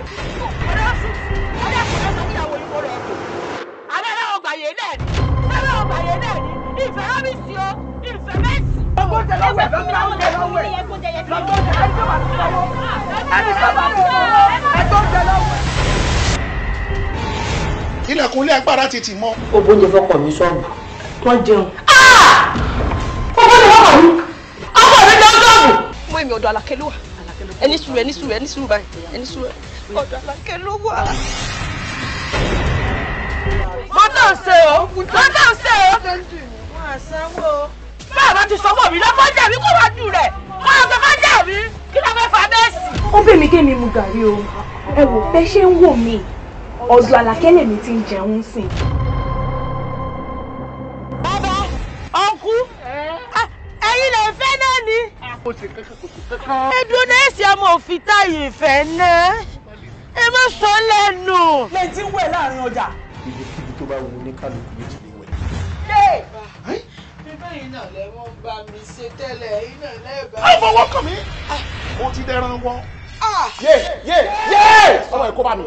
ọlọ́sùn ọlọ́sùn lọ́sọ níyàwó ìwọ rẹ̀ dùn. abẹ́rẹ́ ọgbàyé náà ni abẹ́rẹ́ ọgbàyé náà ni ìfẹ́ rámìsì o ìfẹ́ mẹ́sì. ọgbọ́n tẹ lọ́wọ́ ẹ̀ lọ́wọ́ ẹ̀ lọ́wọ́ ẹ̀ lọ́wọ́ ẹ̀ lọ́wọ́ ẹ̀ lọ́wọ́ ẹ̀ lọ́wọ́ ilẹ̀kùn ilé agbára ti tì mọ́. ó bójú fọkọ mi sọ́ọ̀bù wọ́n jẹun. Ah! ọkọ mi wọ́n kọ̀ mí ọkọ mi jẹun sọ́ọ̀bù. mú èmi ọ̀dọ̀ alákẹ́lẹ́ wà ẹni sùúrù ẹni sùúrù ẹni sùúrù báyìí ẹni sùúrù ọ̀dọ̀ Alákẹ́ ló wà. mọ́tò ń ṣe o mọ́tò ń ṣe o. wọ́n á sanwó. báàbá ti sanwó mi lọ́kọ́ jẹ̀bi kó wá jù rẹ̀ wọ́n á sọ́kọ́ jẹ̀bi kí ló fẹ́ fa bẹ́ẹ̀ sí. ó bẹ̀ mí kémi mu gàrí o ẹ wò bẹ́ẹ̀ ṣe ń wò mí ọ̀dọ̀ Alákẹ́ lèmi ti ń jẹun sìn. bàbá ọkú ẹ̀yin lè fẹ́ náà ni. ẹdùn ah, náà ṣe ọmọ òfin táyì ìfẹ́ náà ẹ má sọ lẹ́nu. lẹ́yìn tí ń wẹ̀ láàrin ọjà. ibikíbi tó bá wù ní kálukú méjì lè wẹ̀. bíbá yìí náà lẹ wọ́n bá mi ṣe tẹ́lẹ̀ yìí náà lẹ́ẹ̀bá. ẹ fọwọ́ kàn mí. o ti dẹran wọ. Ah! yé yé yé ọmọ ẹ kó bá mi.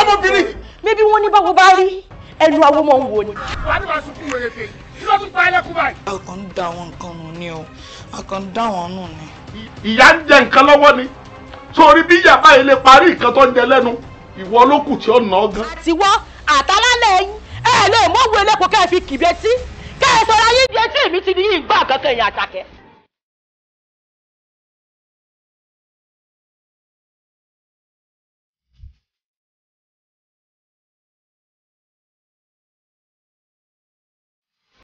ọmọbìnrin. bébí wọn ní báwo bá rí ẹnu awo mọ ń wo ni. wàá ní màá sunkún wèrè fè kí ló tún pa ẹlẹ́kùn báyìí. a kàn ń da àwọn nǹkan nù ni o a kàn ń da àwọn nù ni. ìyá ń jẹ nǹkan lọ́wọ́ ni sórí bí yàrá yìí lè parí nǹkan tó ń jẹ lẹ́nu ìwọ ló kù tí ó nà ọ́ gan. tiwọ́ àtàlálẹ̀ yín ẹ lè mọ́wọ́ elépo kẹ́ ẹ fi kìbẹ́tì kẹ́ ẹ sọ̀rọ̀ ayé di etí mi ti di yín gbọ́ àkàkẹ́ yẹn